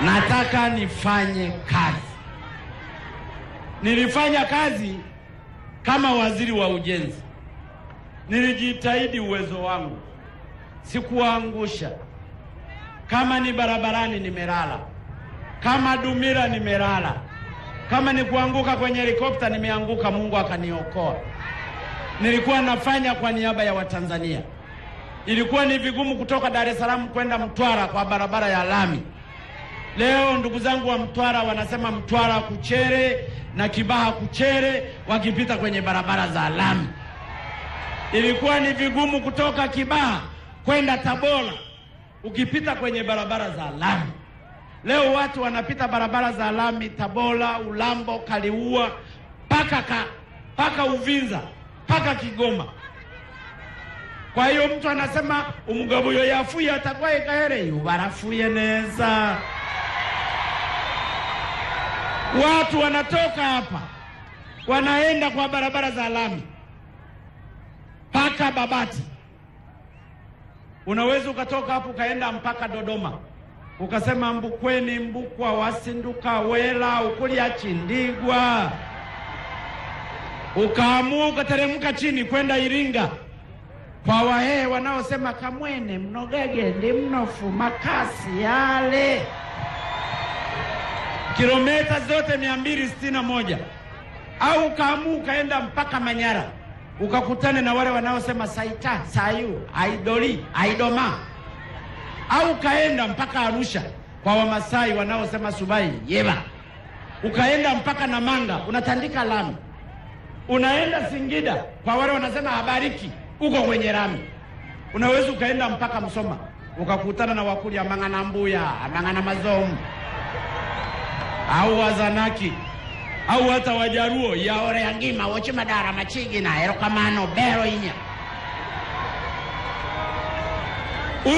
nataka nifanye kazi. Nilifanya kazi kama waziri wa ujenzi, nilijitahidi uwezo wangu, sikuangusha Kama ni barabarani nimelala, kama dumira nimelala, kama ni kuanguka kwenye helikopta nimeanguka, Mungu akaniokoa. Nilikuwa nafanya kwa niaba ya Watanzania. Ilikuwa ni vigumu kutoka Dar es Salaam kwenda Mtwara kwa barabara ya lami. Leo ndugu zangu wa Mtwara wanasema Mtwara kuchere na Kibaha kuchere, wakipita kwenye barabara za lami. Ilikuwa ni vigumu kutoka Kibaha kwenda Tabora ukipita kwenye barabara za lami. Leo watu wanapita barabara za lami Tabora, Ulambo, Kaliua paka ka, paka Uvinza paka Kigoma. Kwa hiyo mtu anasema umugabuyo yafuye atakwaye kahere yubarafuye neza Watu wanatoka hapa wanaenda kwa barabara za lami mpaka Babati. Unaweza ukatoka hapo ukaenda mpaka Dodoma, ukasema Mbukweni, Mbukwa, Wasinduka, Wela, Ukulia, Chindigwa, ukaamua ukateremka chini kwenda Iringa kwa Wahehe wanaosema Kamwene mnogege ndi mnofu makasi yale kilomita zote mia mbili sitini na moja au ukaamua ukaenda mpaka Manyara ukakutane na wale wanaosema saita sayu aidoli aidoma, au ukaenda mpaka Arusha kwa Wamasai wanaosema subai yeba, ukaenda mpaka Namanga unatandika lami, unaenda Singida kwa wale wanasema habariki, uko kwenye lami. Unaweza ukaenda mpaka Msoma ukakutana na Wakuria mang'ana mbuya mang'ana mazomu au Wazanaki au hata Wajaruo yaore yangima wochimadara machigi na erokamano bero inya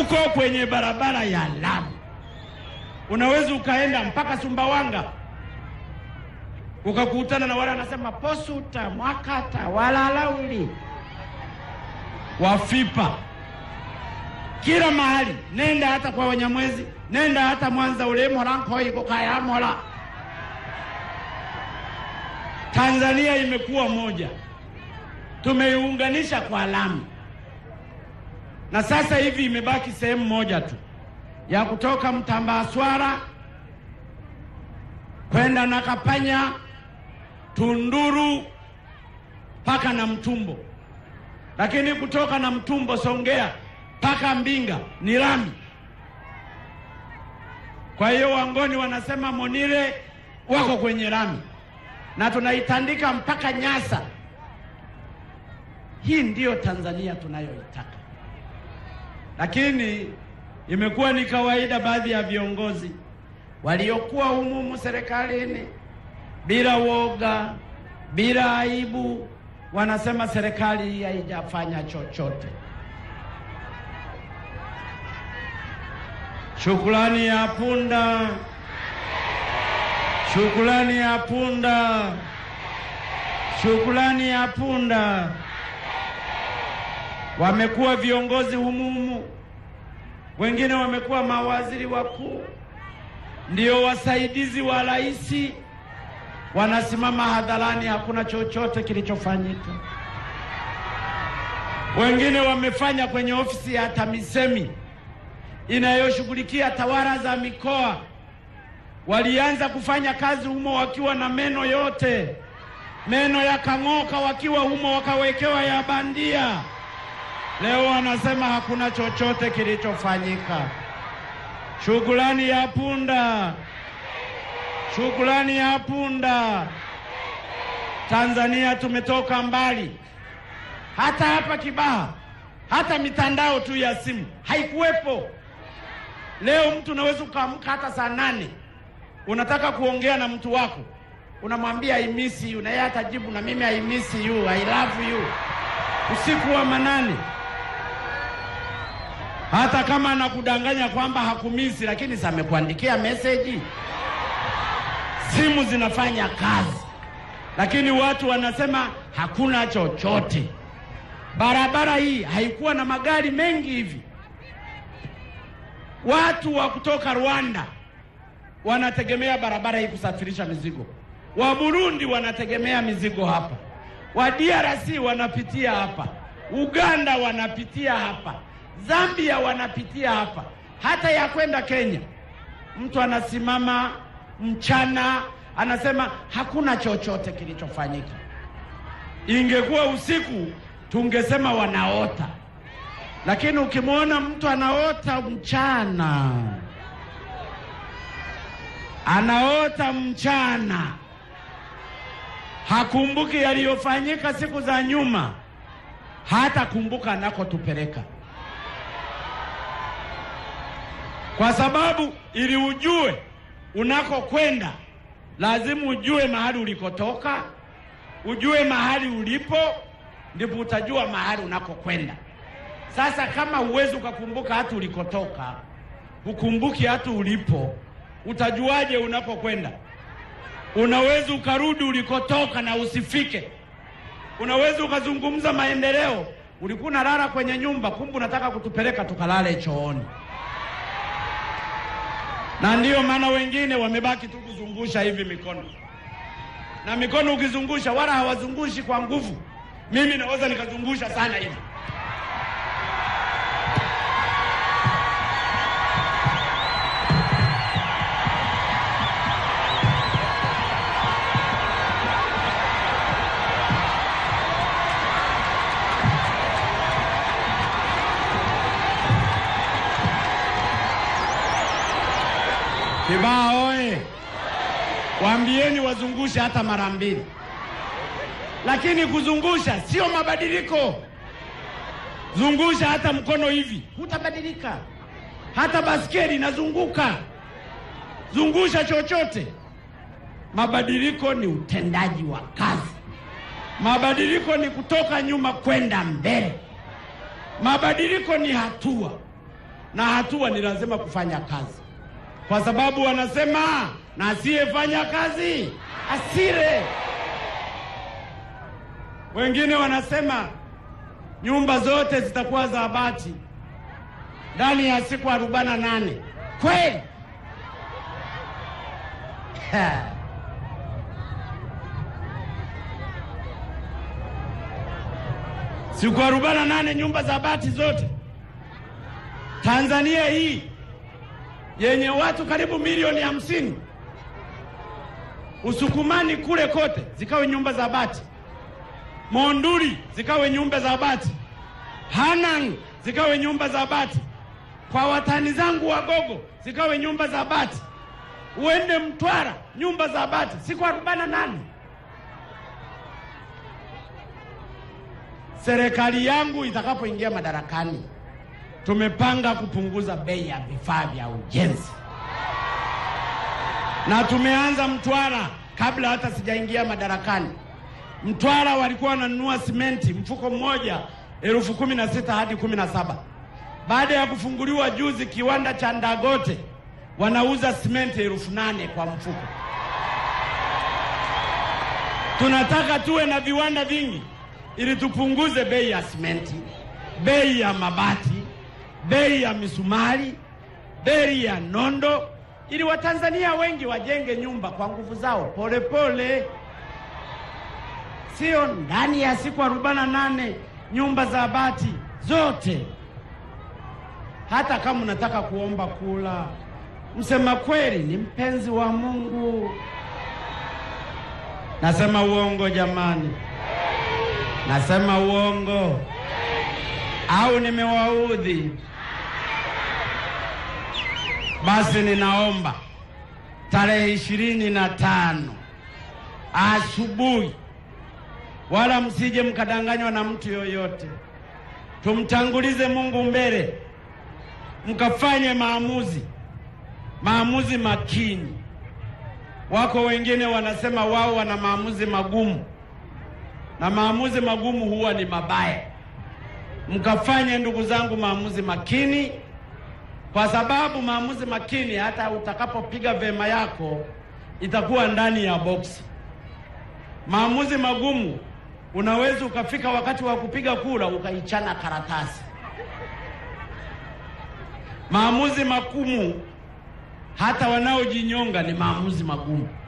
uko kwenye barabara ya Lamu, unaweza ukaenda mpaka Sumbawanga ukakutana na wale wanasema posuta mwakata walalaundi wafipa kila mahali, nenda hata kwa Wanyamwezi, nenda hata Mwanza ulemola nkoyi Tanzania imekuwa moja, tumeiunganisha kwa lami, na sasa hivi imebaki sehemu moja tu ya kutoka Mtambaswara kwenda na kapanya Tunduru mpaka na Mtumbo, lakini kutoka na Mtumbo Songea mpaka Mbinga ni lami. Kwa hiyo Wangoni wanasema Monire wako kwenye lami, na tunaitandika mpaka Nyasa. Hii ndiyo Tanzania tunayoitaka, lakini imekuwa ni kawaida baadhi ya viongozi waliokuwa humuhumu serikalini bila woga, bila aibu, wanasema serikali haijafanya chochote. Shukrani ya punda, shukrani ya punda, shukrani ya punda. Wamekuwa viongozi humuhumu, wengine wamekuwa mawaziri wakuu, ndio wasaidizi wa rais, wanasimama hadharani, hakuna chochote kilichofanyika. Wengine wamefanya kwenye ofisi ya TAMISEMI inayoshughulikia tawala za mikoa. Walianza kufanya kazi humo wakiwa na meno yote, meno yakang'oka wakiwa humo, wakawekewa ya bandia. Leo wanasema hakuna chochote kilichofanyika. Shughulani ya punda, shughulani ya punda. Tanzania tumetoka mbali, hata hapa Kibaha hata mitandao tu ya simu haikuwepo. Leo mtu unaweza ukaamka hata saa nane unataka kuongea na mtu wako, unamwambia I miss you, na yeye atajibu na mimi I miss you, I love you, usiku wa manane, hata kama anakudanganya kwamba hakumisi, lakini zamekuandikia amekuandikia meseji. Simu zinafanya kazi, lakini watu wanasema hakuna chochote. Barabara hii haikuwa na magari mengi hivi Watu wa kutoka Rwanda wanategemea barabara hii kusafirisha mizigo, wa Burundi wanategemea mizigo hapa, wa DRC wanapitia hapa, Uganda wanapitia hapa, Zambia wanapitia hapa, hata ya kwenda Kenya. Mtu anasimama mchana anasema hakuna chochote kilichofanyika. Ingekuwa usiku tungesema wanaota. Lakini ukimwona mtu anaota mchana, anaota mchana, hakumbuki yaliyofanyika siku za nyuma, hata kumbuka anakotupeleka, kwa sababu ili ujue unakokwenda lazima ujue mahali ulikotoka, ujue mahali ulipo, ndipo utajua mahali unakokwenda. Sasa kama huwezi ukakumbuka hata ulikotoka, ukumbuki hata ulipo, utajuaje unapokwenda? Unaweza ukarudi ulikotoka na usifike. Unaweza ukazungumza maendeleo, ulikuwa unalala kwenye nyumba, kumbe unataka kutupeleka tukalale chooni. Na ndiyo maana wengine wamebaki tu kuzungusha hivi mikono, na mikono ukizungusha, wala hawazungushi kwa nguvu. Mimi naweza nikazungusha sana hivi Kibaha oye! Waambieni wazungushe hata mara mbili, lakini kuzungusha sio mabadiliko. Zungusha hata mkono hivi, hutabadilika. Hata baskeli inazunguka. Zungusha chochote. Mabadiliko ni utendaji wa kazi. Mabadiliko ni kutoka nyuma kwenda mbele. Mabadiliko ni hatua, na hatua ni lazima kufanya kazi kwa sababu wanasema na asiyefanya kazi asire. Wengine wanasema nyumba zote zitakuwa za bati ndani ya siku arobaini na nane. Kweli siku arobaini na nane nyumba za bati zote Tanzania hii yenye watu karibu milioni hamsini Usukumani kule kote zikawe nyumba za bati, Monduli zikawe nyumba za bati, Hanang zikawe nyumba za bati, kwa watani zangu Wagogo zikawe nyumba za bati, uende Mtwara nyumba za bati, siku arobaini na nane. Serikali yangu itakapoingia madarakani tumepanga kupunguza bei ya vifaa vya ujenzi na tumeanza Mtwara kabla hata sijaingia madarakani. Mtwara walikuwa wananunua simenti mfuko mmoja elfu kumi na sita hadi kumi na saba. Baada ya kufunguliwa juzi kiwanda cha ndagote wanauza simenti elfu nane kwa mfuko. Tunataka tuwe na viwanda vingi ili tupunguze bei ya simenti, bei ya mabati bei ya misumari, bei ya nondo, ili Watanzania wengi wajenge nyumba kwa nguvu zao polepole, sio ndani ya siku arobaini na nane. Nyumba za bati zote, hata kama unataka kuomba kula. Msema kweli ni mpenzi wa Mungu. Nasema uongo jamani? Nasema uongo au nimewaudhi? Basi ninaomba tarehe ishirini na tano asubuhi, wala msije mkadanganywa na mtu yoyote, tumtangulize Mungu mbele, mkafanye maamuzi, maamuzi makini. Wako wengine wanasema wao wana maamuzi magumu, na maamuzi magumu huwa ni mabaya. Mkafanye ndugu zangu, maamuzi makini kwa sababu maamuzi makini, hata utakapopiga vema yako itakuwa ndani ya boksi. Maamuzi magumu, unaweza ukafika wakati wa kupiga kura ukaichana karatasi. Maamuzi magumu, hata wanaojinyonga ni maamuzi magumu.